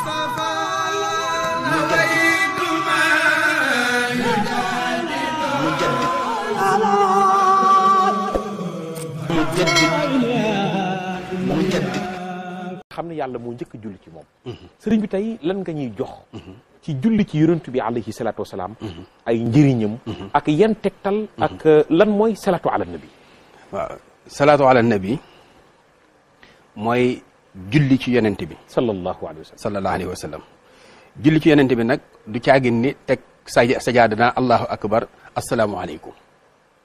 xam ne yàlla moo njëkk julli ci moom sëriñ bi tey lan nga ñuy jox ci julli ci yonent bi alayhi salaatu wasalaam ay njëriñam ak yan tegtal ak lan mooy salaatu ala nabi waaw salaatu ala nabi mooy julli ci yonent bi. sallallahu alayhi wa sallam sallallahu alayhi wa sallam. julli ci yonent bi nag du caagin ni teg sa sajaada naa allahu akbar asalaamualeykum.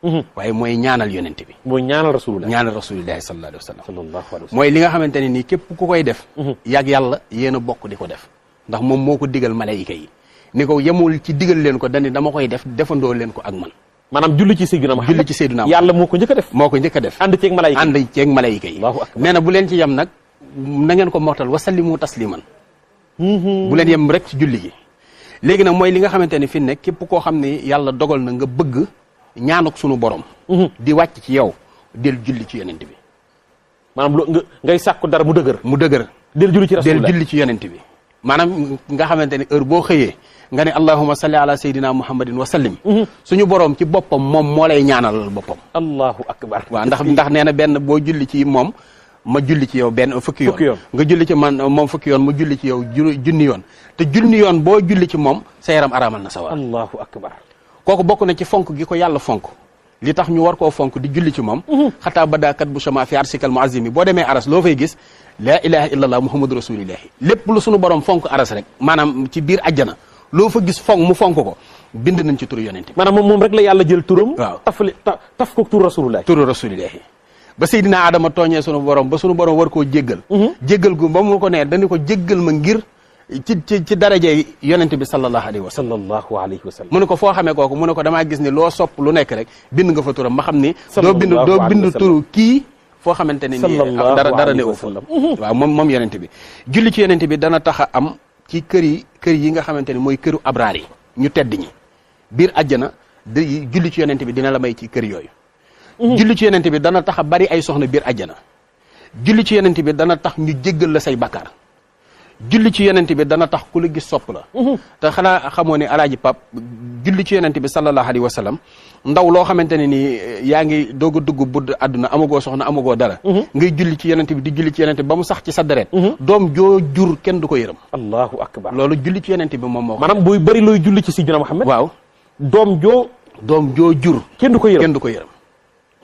Mhm. waaye mooy ñaanal yonent bi. mooy ñaanal rasulullah ñaanal rasulullah sallallahu alayhi wa sallam. sallallahu alayhi wa sallam mooy li nga xamante ne nii képp ku koy def. Mhm. yàgg yàlla yéen a bokk di ko def. ndax moom moo ko digal malayika yi ni ko yemul ci digal leen ko dani dama koy def defandoo leen ko ak man. maanaam julli ci Seydina Muhammad julli moo ko njëkk a def. moo ko njëkk a def ànd ceeg malayika yi ànd na bu leen ci yem nag na ngeen ko mortal wasallimu tasliman mm-hmm. bu leen yem rek ci julli gi léegi na mooy li nga xamante ni fi nekk képp koo xam ne yàlla dogal na nga bëgg ñaanuk sunu borom mm-hmm. di wàcc ci yow del julli ci yonent bi maanaam lu ngay sàkku dara mu dëgër mu dëgër del julli ci rasul del julli ci yonent bi maanaam nga xamante heure boo xëyee nga ne allahuma salli ala sayyidina muhammadin wa sallim mm-hmm. suñu borom ci boppam moom moo lay ñaanalal boppam allahu akbar waaw ndax ndax nee na benn boo julli ci moom ma julli ci yow benn fukki yoon nga julli ci man moom fukki yoon ma julli ci yow junni yoon te junni yoon boo julli ci moom sa yaram araamal na sawar kooku bokk na ci fonk gi ko yàlla fonk li tax ñu war koo fonk di julli ci moom mhm. xataa badaakat bu sama fi arsikal muazimi boo demee aras loo fay gis laa ilaha illallah muhammadu rasulillahi lépp lu sunu borom fonk aras rek maanaam ci biir ajjana loo fa gis fonk mu fonk ko bind nañ ci turu yonente maanaam moom moom rek la yàlla jël turam waaw taf taf ko tur rasulillahi turu rasulillahi ba Seydina Adama tooñee sunu borom ba sunu borom war koo jéggal mhm. jéggal gu ba mu ko nee dañu ko jéggal ma ngir ci dara ci daraje yonent bi sallallahu alayhi wa sallam sallallahu alayhi wa sallam mu ne ko foo xamee kooku mu ko damaa gis ni loo sopp lu nekk rek bind nga fa turam ma xam ni doo bind doo bind turu kii foo xamante ne ni dara dara ne wu fa waaw moom moom yonent bi julli ci yonent bi dana tax a am ci kër yi kër yi nga xamante ne mooy këru abraar yi ñu tedd ñi biir àjjana di julli ci yonent bi dina la may ci kër yooyu julli ci yonent bi dana tax a bari ay soxna biir àjjana julli ci yonent bi dana tax ñu jëggal la say bakkaar julli ci yonent bi dana tax ku la gis sopp la uhuh. te xanaa xamoo ne alaaji pap julli ci yonent bi sallallahu alayhi wa sallam ndaw loo xamante ne nii eh, yaa ngi doog a dugg budd àdduna amagoo soxna amagoo dara uhuh. ngay julli ci yenent bi di julli ci yonent bi ba mu sax ci sa deret uhuh. doom joo jur kenn du ko yërëm allahu akbar loolu julli ci yonent bi moom moo maanaam buy bari looy julli ci sidina Muhammad waaw doom joo doom joo jur k ko yërëm ko yërëm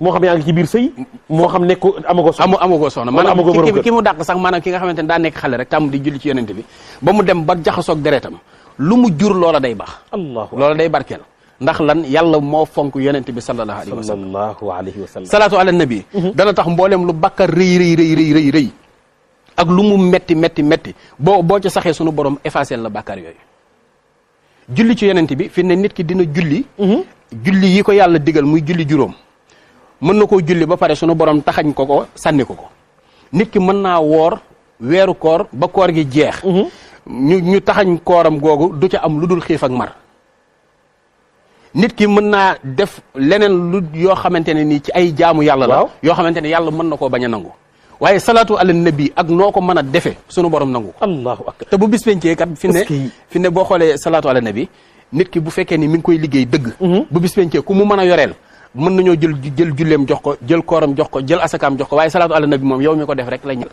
moo xam yaa ngi ci biir sëy moo xam nekk amagoo soxna amagoo soxna maanaam ki mu dàq sax maanaam ki nga xamante ne daa nekk xale rek tàmm di julli ci yonente bi ba mu dem ba jaxasoog deretam lu mu jur loola day baax allah loola day barkeel ndax lan yàlla moo fonk yonente bi sallallahu alayhi wa sallam sallallahu alayhi wa sallam salaatu ala nabi dana tax mboolem lu bakkar rëy rëy rëy rëy rëy rëy ak lu mu metti metti metti boo boo ci saxee sunu borom effacé la bàkkaar yooyu julli ci yonente bi fi ne nit ki dina julli julli yi ko yàlla digal muy julli juróom mën na koo julli ba pare sunu borom taxañ ko ko sànni ko ko nit ki mën naa woor weeru koor ba koor gi jeex. Mhm. ñu ñu taxañ kooram googu du ca am lu dul xiif ak mar. nit ki mën naa def leneen lu yoo xamante ne nii ci ay jaamu yàlla la. yoo xamante ne yàlla mën na koo bañ a nangu. waaye salaatu ala nabi ak noo ko mën a defee sunu borom nangu ko. allahu akbar te bu bis pencee kat. fi ne boo xoolee salaatu ala nabi nit ki bu fekkee nii mi ngi koy liggéey dëgg. Mhm. bu bis pencee ku mu mën a yoreel. mën nañu jël jël jullem jox ko jël koram jox ko jël asakam jox ko waye salatu ala nabi mom yow mi ko def rek la ñu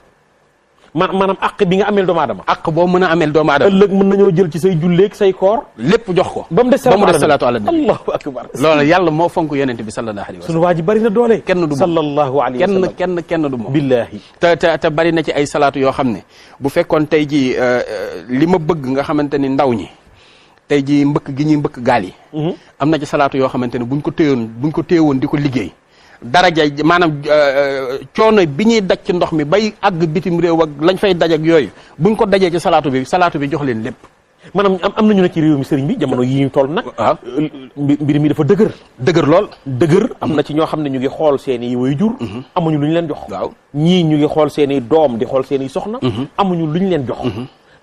man maanaam àq bi nga amel do aadama àq boo mën a amel doomu adam ëlëk mën nañu jël ci say julleeg say koor lepp jox ko bam mu salatu ala nabi allahu akbar loolu yalla mo fonku yonente bi sallallahu alayhi wasallam sunu waji bari na doole kenn du sallallahu alayhi wasallam kenn kenn kenn du moom billahi ta ta, te bari na ci ay salatu yo xamne bu fekkon tay ji euh, euh, lima bëgg nga xamanteni ndaw ñi tey jii mbëkk gi ñuy mbëkk gaal yi mhm. am na ci salaatu yoo xamante ne buñ ko téyewoon buñ ko téyewoon di ko liggéey daraja maanaam euh, euh, coono bi ñuy daj ci ndox mi bay àgg bitim réew ak lañ fay daj ak yooyu buñ ko dajee ci salaatu bi salaatu bi jox leen lépp maanaam am nañu ne ci réew mi sëriñ bi jamono yi ñu toll nag waaw euh, mbir mi dafa dëgër dëgër lool dëgër am na mhm. ci ñoo xam ne ñu ngi xool seen i way jur mhm. amuñu lu ñu leen jox waaw ñii ñu ngi xool seen i doom di xool seen i soxna amuñu lu ñu leen jox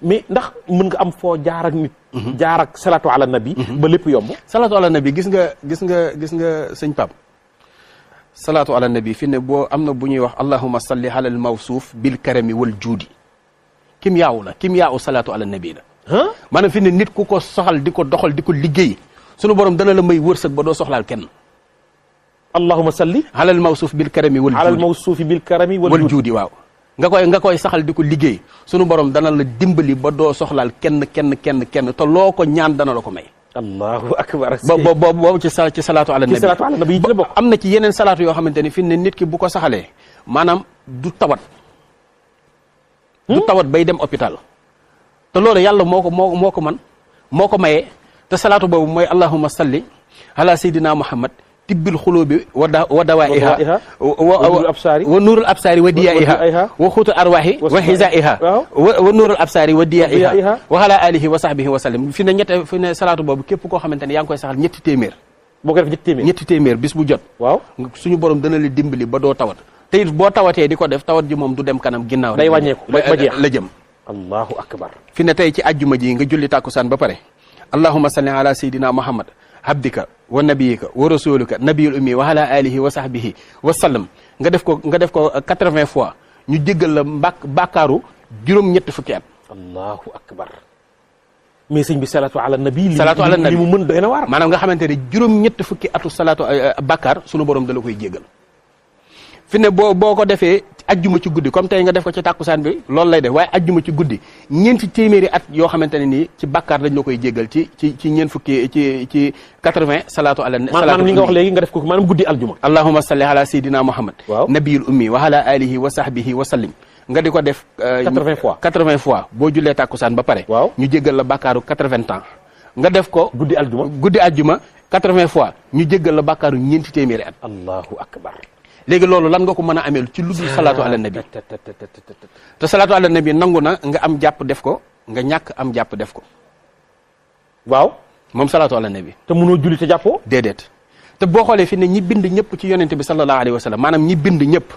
mais ndax mën nga am foo jaar nit. Mhm. jaar ak salatu nabi. Mhm. ba lépp yomb. salatu ala nabi gis nga gis nga gis nga sëñ Pape. salatu ala nabi fi ne boo am na bu ñuy wax allahumma salli ala al mawsuuf bil karami wal juudi. kim yaaw la kim yaaw salatu ala nabi la. maanaam fi ne nit ku ko soxal di ko doxal di ko liggéey sunu borom dana la may wërsëg ba doo soxlaal kenn. allahumma salli. ala al mawsuuf bil karami wal juudi ala al mawsuuf bil karami wal juudi waaw. nga koy nga koy saxal di ko liggéey sunu borom dana la dimbali ba doo soxlaal kenn kenn kenn kenn te loo ko ñaan dana la ko may. allahu akbar boobu ci sa ci salaatu ala nabi. ci salaatu ala nabi am na ci yeneen salaatu yoo xamante nit ki bu ko saxalee maanaam du tawat. du hmm? tawat bay dem hôpital. te loolu yàlla moo ko moo moo ko man moo ko mayee te salaatu boobu mooy allahumma salli ala sayyidina muhammad tibbil xulubi wada wa dawaiha wa nuurul absaari wa diyaiha wa xuutul arwaahi wa xisaiha wa nuurul absaari wa diyaiha wa ala alihi wa sahbihi wa sallim fi ne ñett fi ne salaatu boobu képp koo xamante ne yaa koy saxal ñetti téeméer boo ko def ñetti téeméer ñetti téeméer bis bu jot waaw suñu borom dana la dimbali ba doo tawat te boo tawatee di ko def tawat ji moom du dem kanam ginnaaw day wàññeeku ba jeex la jëm allahu akbar fi ne tey ci àjjuma ji nga julli tàkkusaan ba pare allahuma salli ala sayidina muhammad عبدك ونبيك ورسولك نبي الأمي وعلى آله وصحبه وسلم غدفكو غدفكو 80 فوا ني ديغال باك باكارو جيروم نيت الله اكبر مي سيغ بي على النبي صلاه على النبي مو من دينا وار مانام غا خامتاني جيروم اتو صلاه بكار سونو بوروم دالكوي جيغال فين بوكو ديفي ajjuma ci guddi comme tey nga def ko ci tàkkusaan bi loolu lay def waaye ajjuma ci guddi ñeenti téeméeri at yoo xamante ne nii ci bàkkaar dañ la koy jéggal ci ci ci ñeent fukki ci ci quatre-vingts salaatu ala maanaam li nga wax léegi nga def ko maanaam guddi aljuma allahuma salli ala sayidina muhammad waaw nabiyul ummi wa ala alihi wa sahbihi wa sallim nga di ko def euh, quatre-vingts fois boo jullee tàkkusaan ba pare waaw ñu jéggal la bàkkaaru quatre-vingts ans nga def ko guddi aljuma guddi aljuma quatre-vingts fois ñu jéggal la bàkkaaru ñeenti téeméeri at allahu akbar léegi loolu lan nga ko mën a ameel ci lu dul salaatu ala nabi te salaatu ala nabi nangu na nga am jàpp def ko nga ñàkk am jàpp def ko waaw moom salaatu ala nabi te mënoo julli te jàppoo déedéet te boo xoolee fi ne ñi bind ñëpp ci yonente bi sallallahu alayhi wa sallam maanaam ñi bind ñëpp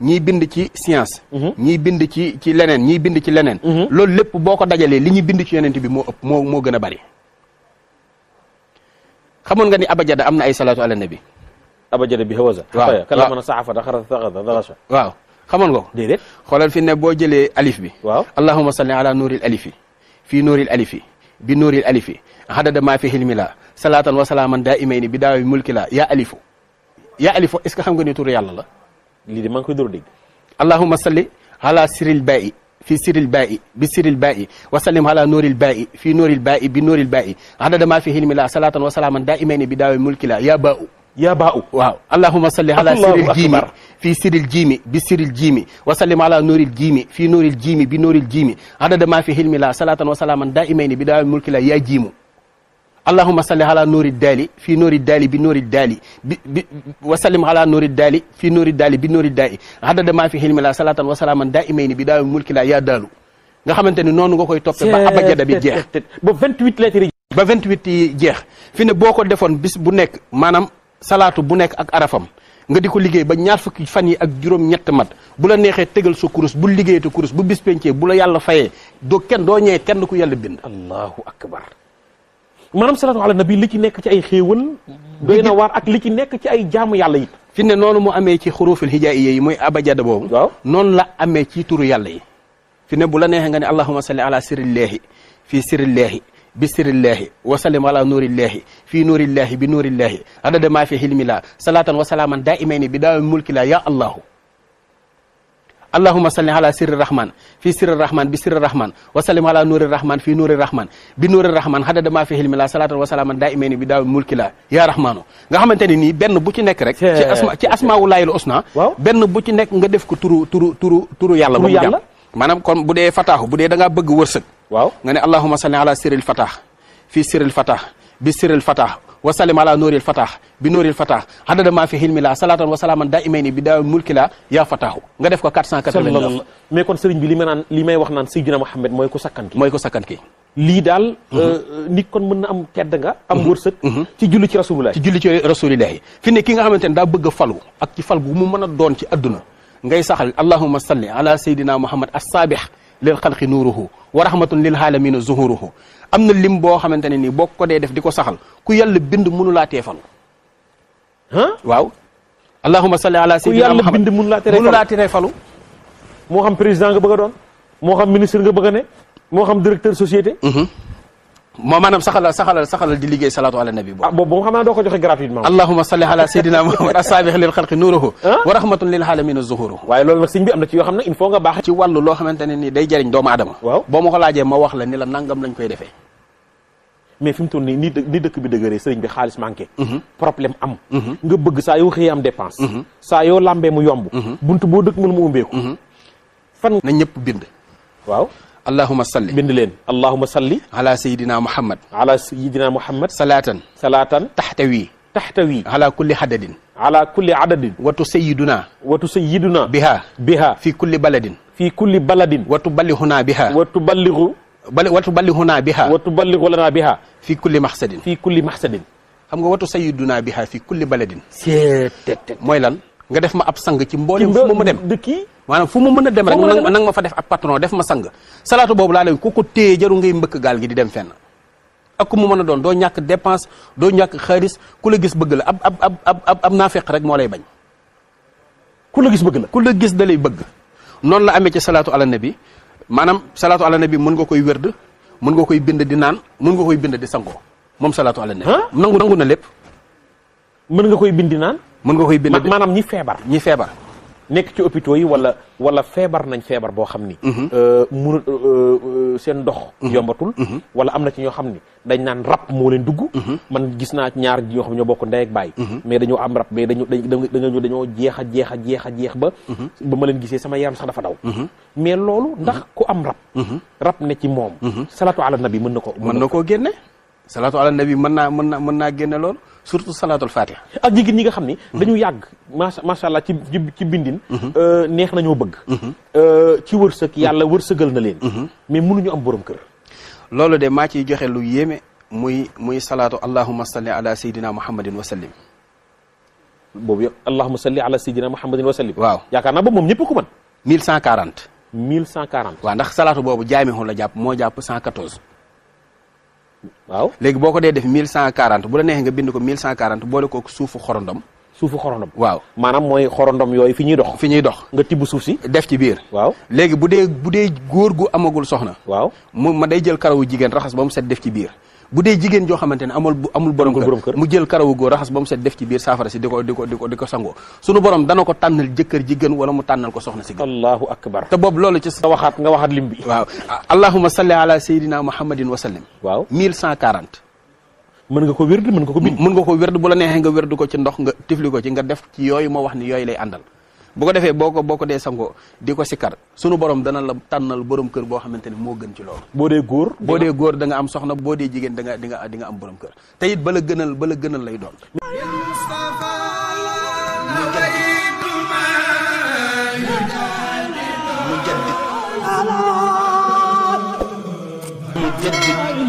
ñiy bind ci science mhm. ñiy bind ci ci leneen ñiy bind ci leneen mhm. loolu lépp boo ko dajalee li ñuy bind ci yonent bi moo ëpp moo moo gën a bari xamoon nga ni abajada am na ay salaatu ala abajada bi xawasa waaw kalamana saxafa daxara saxada daxasa waaw xamoon nga ko déedéet xoolal fi ne boo jëlee alif bi waaw allahuma salli ala nuuril alifi fi nuril alifi bi nuril alifi xadada maa fi xilmi la salaatan wa salaaman daa bi daawi mulki la yaa alifu yaa alifu est ce que xam nga ni tur yàlla la lii de maa koy dóor dégg allahuma salli ala siril bayi fi siril bayi bi siril bayi wa sallim ala nuuril bayi fii nuuril bayi bi nuuril bayi xadada maa fi xilmi la salaatan wa salaaman daa يا باء واو اللهم صل على الله سر الجيم في سر الجيم بسر الجيم وسلم على نور الجيم في نور الجيم بنور الجيم عدد ما في حلم لا صلاة وسلاما دائمين بدائم الملك لا يا جيم اللهم صل على نور الدالي في نور الدالي بنور الدالي وسلم على نور الدالي في نور الدالي بنور الدالي عدد ما في حلم لا صلاة وسلاما دائمين بدائم الملك لا يا دالو nga xamanteni nonu nga koy topé ba abajada bi jeex ba 28 lettres ba 28 jeex fi ne boko defone bis bu nek manam salaatu bu nekk ak arafam nga di ko liggéey ba ñaar fukki fan yi ak juróom ñett mat bu la neexee tegal sa kurus bu liggéeyate kurus bu bis pencee bu la yàlla fayee doo kenn doo ñëwee kenn ku yàlla bind allahu akbar maanaam salaatu ala nabi li ci nekk ci ay xéewal doy na waar ak li ci nekk ci ay jaamu yàlla yi fi ne noonu mu amee ci xurufil hijaaiya yi mooy abajada boobu waaw noonu la amee ci turu yàlla yi fi ne bu la neexee nga ne allahuma salli ala sirillaahi fii sirillaahi bisirillaahi wasallim ala nuurillaahi fii nuurillaahi bi nuurillaahi adada maa fi hilmilaa salaatan wa salaaman daa imayni bi daawi mulkilaa yaa allahu allahuma salli ala sirri rahman fii sirri rahman bi sirri rahman wasallim ala nuuri rahman fii nuuri rahman bi nuuri rahman adada maa fi hilmilaa salaatan wa salaaman daa imayni bi daawi mulkilaa yaa rahmaanu nga xamante ne nii benn bu ci nekk rek ci asma ci asmaawul laahil benn bu ci nekk nga def ko turu turu turu turu yàlla ba mu jàpp maanaam kon bu dee fataahu bu dee da ngaa bëgg wërsëg waaw nga ne allahuma salli ala siril fatah fi siril fatah bi siril fatah wa sallim ala nouril fatah bi nouril fatah adada ma fi hilmi la salatan wa salaman daimaini bi daawil mulki la yaa fatahu nga def ko 489 mais kon sëriñ bi li ma naan wax naan sayyidina Muhammad mooy ko sakkan ki ko sakkan ki lii nit kon mën na am tedd nga am wërsëg ci julli ci rasulillah ci julli ci rasulillah fi ne ki nga xamante ne bëgg falu ak ci fal gu mu mën doon ci adduna ngay saxal allahuma salli ala sayyidina Muhammad as-sabih lil xalqi nuuruhu wa rahmatun lil haalamina zuhuruhu am na lim boo xamante ne nii boo ko dee def di ko saxal ku yàlla bind mënu laa teefalu waaw allahuma salli ala sayyidina muhammad ku yàlla bind mënu laa teree falu moo xam président nga bëgg a doon moo xam ministre nga bëgg a ne moo xam directeur société moo maanaam saxalal saxalal saxalal di liggéey salaatu ala nabi boobu ah boobu xam doo ko joxe gratuitement allahuma salli ala sayidina muhammad asaabix lil xalqi nuuruhu ah? wa rahmatun lil alamina zuhuru waaye loolu nag sëñ bi am na ci yoo nga baax ci wàllu loo xamante ne day jëriñ doomu adama boo ma ko laajee ma wax la ni la nangam lañ koy defee mais fi mu nii dëkk bi dëgëree sëriñ bi xaalis manqué mhm. problème am mhm. nga bëgg saa yoo xëyee am dépense mhm. na ñëpp bind اللهم صلي بنلين اللهم صل على سيدنا محمد على سيدنا محمد صلاه صلاه تحتوي تحتوي على كل عدد على كل عدد وتسيدنا وتسيدنا بها بها في كل بلد في كل بلد وتبلغ هنا بها وتبلغ وتبلغ هنا بها وتبلغ لنا بها في كل مقصد في كل مقصد خمغ وتسيدنا بها في كل بلد سي موي nga def ma ab sang ci mboolem fu ma ma dem manam fu mu mën dem rek nang ma fa def ab patron def ma sang salatu bobu la lay ku ko téye jaru ngay mbëkk gal gi di dem fenn ak mu mën a doon doo ñàkk dépense do ñak xaalis ku la gis bëgg la ab ab ab ab am nafiq rek mo lay bañ ku la gis bëgg la ku la gis dalay bëgg non la amé ci salatu ala nabi manam salatu ala nabi mën nga koy wërd mën nga koy bind di naan mën nga koy bind di sango mom salatu ala nabi nangu nangu na lepp mën nga koy bind di naan mën nga koy bind manam ñi febar. ñi feebar nek ci hôpitaux yi wala wala feebar nañ feebar boo xam ni mhm. euh, euh, euh sen dox mhm. yombatul mhm. wala amna ci ño xamni dañ nan rap mo len dugg man gis ci ñaar ñoo xamni ñoo bokk ndey ak bay mais dañu am rap mais dañu dañu dañoo jeex a jeex a jeex jeex ba ba ma len gisee sama yaram sax dafa daw mais lolu ndax ku am Rap rap ne ci mom salatu ala nabi mën nako ko mën na koo salatu ala nabi mën na mën na mën surtout salaatul fatiha ak jigéen ñi nga xam ni dañu yàgg macha allah ci ci bindin mhm. euh, neex nañoo bëgg mhm. euh, ci wërsëg yàlla wërsëgal na leen mhm. mais mënuñu am borom kër loolu de maa ciy joxe lu yéeme muy muy salaatu allahuma salli ala sayyidina muhammadin wa sallim boobu yëpp allahuma salli ala sayyidina muhammadin wa sallim waaw yaakaar naa boobu moom ñëpp ku mën mille cent quarante ndax salaatu boobu jaamihun la jàpp moo jàpp cent quatorze waaw léegi boo ko dee def mille cent quarante bu la neexee nga bind ko mille cent quarante boole ko suufu xorondom suufu xorondom waaw manaam mooy xorondom yooyu fi ñuy dox fi ñuy dox nga tibb suuf si def ci biir waaw léegi bu dee bu dee góor gu amagul soxna waaw mu ma day jël karawu jigéen raxas ba mu set def ci biir bu dee jigéen joo xamante ne amul amul borom kër mu jël karawu góor raxas ba mu set def ci biir saafara si di ko di ko di ko di ko sangoo sunu borom dana ko tànnal jëkkër ji gën wala mu tànnal ko soxna si gën allahu akbar te boobu loolu nga waxaat lim bi waaw allahuma salli ala sayidina muhammadin wa sallim waaw 1140 mën nga ko wérd mën nga ko bind mën nga ko wérd bu la neexee nga wérd ko ci ndox nga tifli ko ci nga def ci yooyu ma wax ni yooyu lay àndal bu ko boko boko ko boo ko dee sangoo sunu borom dana la tanal borom kër bo xamanteni mo gën ci lool bo dé góor bo dé góor da nga am soxna bo dé jigen da nga di nga di nga am borom kër tayit bala gënal bala gënal lay doon